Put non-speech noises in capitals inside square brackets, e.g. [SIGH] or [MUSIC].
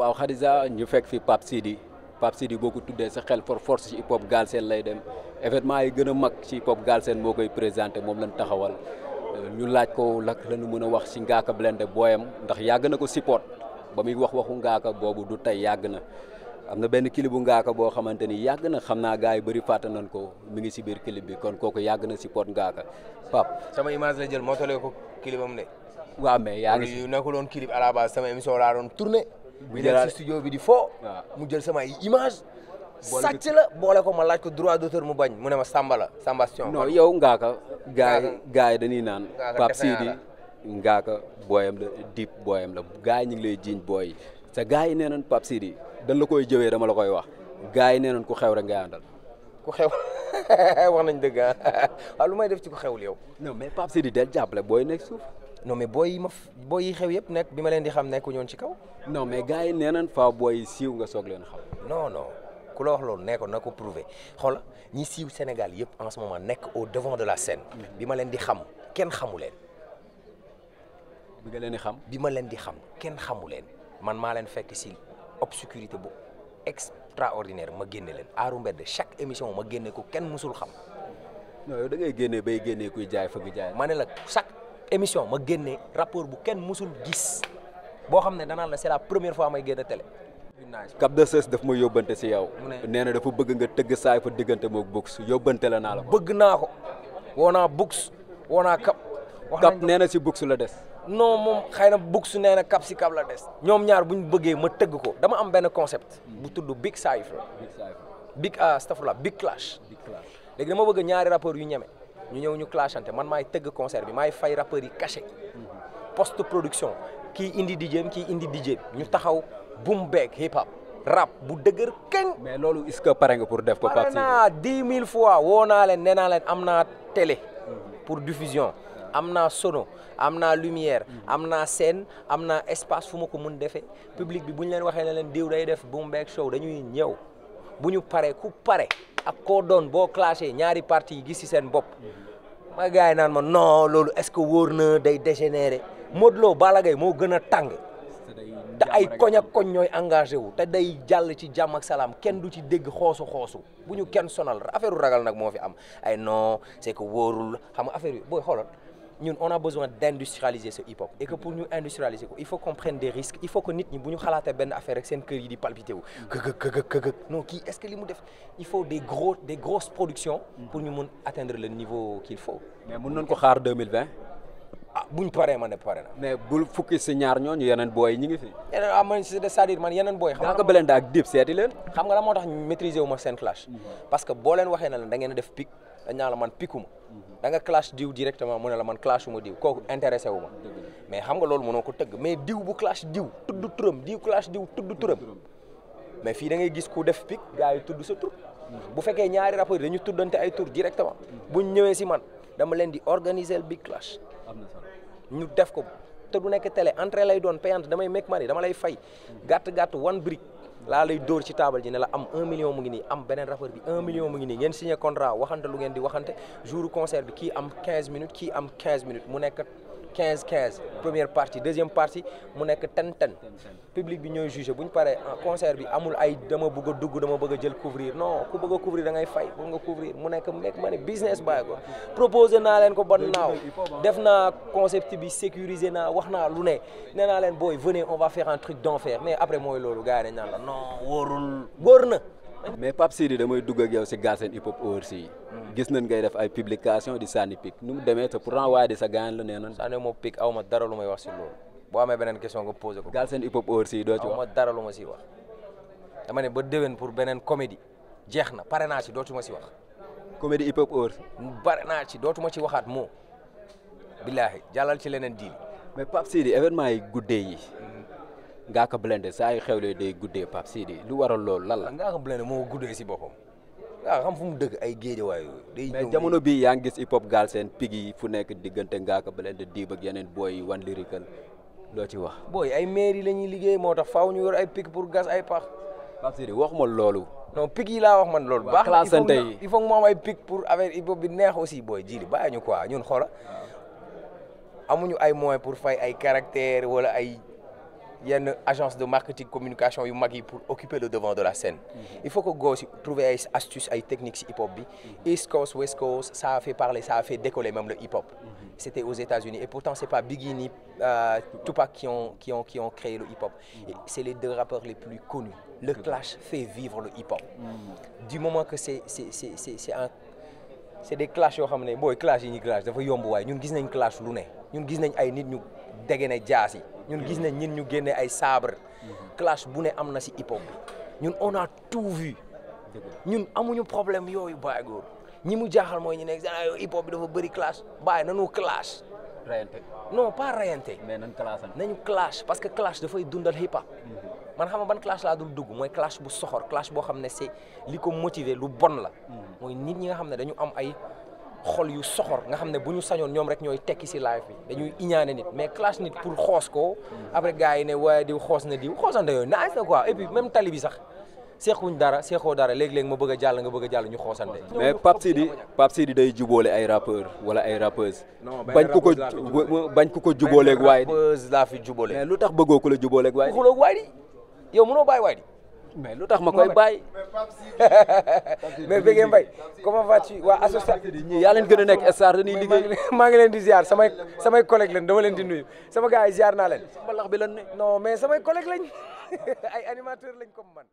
waaw Khadija ñu fekk fi Pape Sidi Pape Sidi boo ko tuddee sa xel for force ci hip hop Galsen lay dem événement yi gën a mag ci hip hop Galsen moo koy présenté moom lañ taxawal euh, ñu laaj ko lak nu mun a wax ci Ngaaka Blindé booyam ndax yagg na ko support ba muy wax waxu Ngaaka boobu du tey yàgg na am na benn clip bu Ngaaka boo xamante ni yàgg na xam naa gars yi bëri fàtte nañ ko mi ngi ci biir clip bi kon kooku yàgg na support Ngaaka Pape sama image la jël moo talee ko clipam ne waaw mais yaa ngi mu jëlaat si studio bi di foo mu jël sama ay image sàcc la boole ko ma laaj ko droit d'auteur mu bañ mu ne ma Samba la Samba Sion. non yow Ngaaka. gaay gaay dañuy naan. Pape Sidi Ngaaka booyam la Dip booyam la gaay ñu ngi lay jiiñ booy sa gaay yi nee nañ Pape Sidi dañ la koy jëwee dama la koy wax gaay yi nee nañ ku xew rek ngay àndal. ku xew [LAUGHS] wax nañ dëgg ah [LAUGHS] lu may def ci ku xewul yow. non mais Pape Sidi del jàppale booy nekk suuf. non mais booy yi ma booy xew yëpp nekk bi ma leen di xam nekku ñoon ci kaw. non mais gars yi nee nañ faa booy yi siiw nga soog leen xam. non no ku la wax loolu nee na ko prouver xool ñi siiw Sénégal yëpp en ce moment nekk au devant de la scène. bi ma leen di xam kenn xamu leen. bi nga leen di xam bi ma leen di xam kenn xamu leen man maa leen fekk si obscurité bu extraordinaire ma génne leen aaru mbedd chaque émission ma génne ko kenn mësul xam. non yow da génne bay génne kuy jaay fa kuy jaay. ma ne la chaque émission ma génne rapport bu kenn mësul gis boo xam ne danaan la c'est la première fois may génn télé. cap de sës daf ma yóbbante si yow. nee na dafa bëgg nga tëgg saay fa diggante moog Bux yóbbante la naa la bëgg naa ko woo naa Bux woo naa cap. cap nee na si Bux la des. non moom xëy na Bux nee na cap si cap la des. ñoom ñaar bu ñu bëggee ma tëgg ko dama am benn concept. bu tudd Big Saay fa. Big Saay fa Big ah Clash. léegi dama bëgg ñaari rapport yu ñeme. ñu ñëw ñu clashante man maay tëgg concert bi maay fay rappeurs yi cachet post production kii indi DJ kii indi DJ ñu taxaw boom beeg hip hop rap bu dëgër keng. mais loolu est-ce que pare pour def ko. pare naa dix mille fois woo naa nee naa am naa télé. pour diffusion. am naa sono am naa lumière am naa scène am naa espace fu ma ko mun defee public bi bu ñu leen waxee ne leen diw day def boom beeg show dañuy ñëw. bu ñu paree ku pare ak ko doon boo clashé ñaari parti yi gis si seen bopp ma gars naan ma no loolu est-ce que wóor na day dégénéré Modou Lo Balla Gaye moo gën a tàng te ay koñ ak koñ ñooy engagé wu te day jàll ci jàmm ak salaam kenn du ci dégg xoosu xoosu bu ñu kenn sonal affaire ragal nag moo fi am ay no c'est que wóorul xam nga affaire yi booy xoolal ñun on a besoin d'industrialiser ce hip hop et que pour ñu industrialiser ko il faut qu'on prenne des risques il faut que nit ñi bu ñu xalaatee benn affaire rek seen kër yi di palpiter wu këgëg këgëg këgëg kii est-ce que li mu def il faut des grosses productions mm. pour ñu mun atteindre le niveau qu'il faut mais mën ko xaar 2020 ah bu ñu paree ma ne pare na. mais bul fukki si ñaar ñooñu yeneen booy ñi ngi fi. yeneen eh, ah man c'est-à-dire man yeneen booy. xam nga ko Blindé ak Dip seeti leen. xam nga la moo na mm. la da ngeen a def dañ naa man piku ma mhm. da nga clash diw directement mu ne la man clash ma diw kooku intéressé wu ma mais xam nga loolu mënoo ko tëgg mais diw bu clash diw tudd turam diw clash diw tudd turam mais fii da ngay gis ku def pik gars yi tudd sa tur mhm. bu fekkee ñaari rappeurs dañu tuddante ay tur directement mhm. buñ ñëwee si man dama leen di organiser big clash ñu def ko te du nekk télé entrée lay doon payante damay make money dama lay fay gàtt gàtt one brick laa lay dóor ci taabal ji ne la am 1 million mu ngi nii am beneen rappeur bi 1 million mu ngi nii ngeen signé contrat waxante lu ngeen di waxante jour concert bi kii am 15 minutes kii am minutes quinze 15 première partie deuxième partie mu nekk ten ten public bi ñooy jugé bu ñu paree ah, concert bi amul ay dama bëgg dugg dama bëgg jël couvrir no ku bëgg a couvrir da fay bëgg nga couvrir mu nekk mu nekk ma ne business bàyyi ko proposé naa leen ko ba naaw def naa concept bi sécurisé naa wax naa lu ne nee naa leen booy venez on va faire un truc d'enfer mais après mooy loolu gars yi dañ naan la non wóorul wóor na mais Pape Sidi damay dugg ak yow si Galsen Hip Hop Awards yi gis nañ gay def ay publication di sànni pic nu mu demee te pourtant waaye di sa gaañ la nee noon sànni moom aw ma dara lu may wax si loolu boo amee beneen question nga posé ko Galsen Hip Hop Awards yi doo si wax dama ne ba déwén pour beneen comédie jeex na pare naa si dootuma si wax comédie Hip Hop Awards pare naa si dootuma ci waxaat moo billaahi jàllal ci leneen diin mais Pape Sidi événement yi guddee yi Ngaaka Blindé saa yu xewlee day guddee Pape Sidi lu waral loolu lan la. Ngaaka Blindé moo guddee si boppam. waaw xam fu mu dëgg ay géejewaay yooyu. mais jamono bi yaa ngi gis hip hop gaal seen pig yi fu nekk diggante Ngaaka Blindé diib ak yeneen booy yi wan lyrical loo ci wax. booy ay mairie la ñuy liggéey moo tax faw ñu yor ay pig pour gas ay pax. Pape Sidi ma loolu. non pig yi laa wax man loolu. baax na il faut mu am ay pig pour affaire hip hop bi neex aussi booy ji li bàyyi ñu quoi ñun xoola ah. amuñu ay moyens pour fay ay caractère wala ay. yenn agence de marketing communication yu mag yi pour occuper le devant de la scène. Mhm. il faut que gars yi ay astuces ay techniques hip hop bi. Mhm. East Coast West Coast ça a fait parler ça a fait décoller même le hip hop. Mhm. c' était aux États-Unis et pourtant c' est pas Biggie ni euh, Tupac qui le hip hop. c' les deux rappeurs les plus connus. le clash fait vivre le hip hop. du moment que c' est c' est c' est c' est un c' est des clash yoo xam ne booy clash yi ñuy yomb waaye ñun gis nañ clash lu ne ñun gis nañ ay nit ñu dege na jaas yi. ñun gis nañ ñin ñu génne ay sabre clash bu ne am na si hip hop bi ñun on a tout vu ñun amuñu problème yooyu Baye Góor ñi mu jaaxal mooy ñu ne ah, yow hip bi dafa bëri clash bàyyi nanu clash rayante non pas rayante mais nañ clash nañu clash parce que clash dafay dundal hip hop man xam nga ban clash laa dul dugg mooy clash bu soxor clash boo xam ne se li ko motiver lu bon la mhm. mooy nit ñi nga xam ne dañu am ay xol yu soxor nga xam ne bu ñu sañoon ñoom rek ñooy tekki si live bi dañuy iñaane nit mais clash nit pour xoos ko après gars yi ne waaye diw xoos na diw xoosante yooyu nice na quoi et puis même tali bi sax seexuñ dara seexoo dara léeg-léeg ma bëgg a jàll nga bëgg a jàll ñu xoosante mais Pape Sidi Pape Sidi day jubóole ay rappeur wala ay rappeuse bañ ku ko bañ ku ko jubóoleeg waay di laa fi jubóole lu tax bëggoo ku la jubóoleeg waay di yow mënoo bàyyi waay di mais lu tax ma koy bàyyi [LAUGHS] mais Bégé Mbaye comment vas-tu waa association ñi yaa leen gën a nekk star dañuy liggéey maa ngi leen di ziar samay samay collègue lañ dama leen di nuyu sama gars yi ziar naa leen ma lax bi lan ne non mais samay collègue lañ [LAUGHS] ay animateur lañ comme man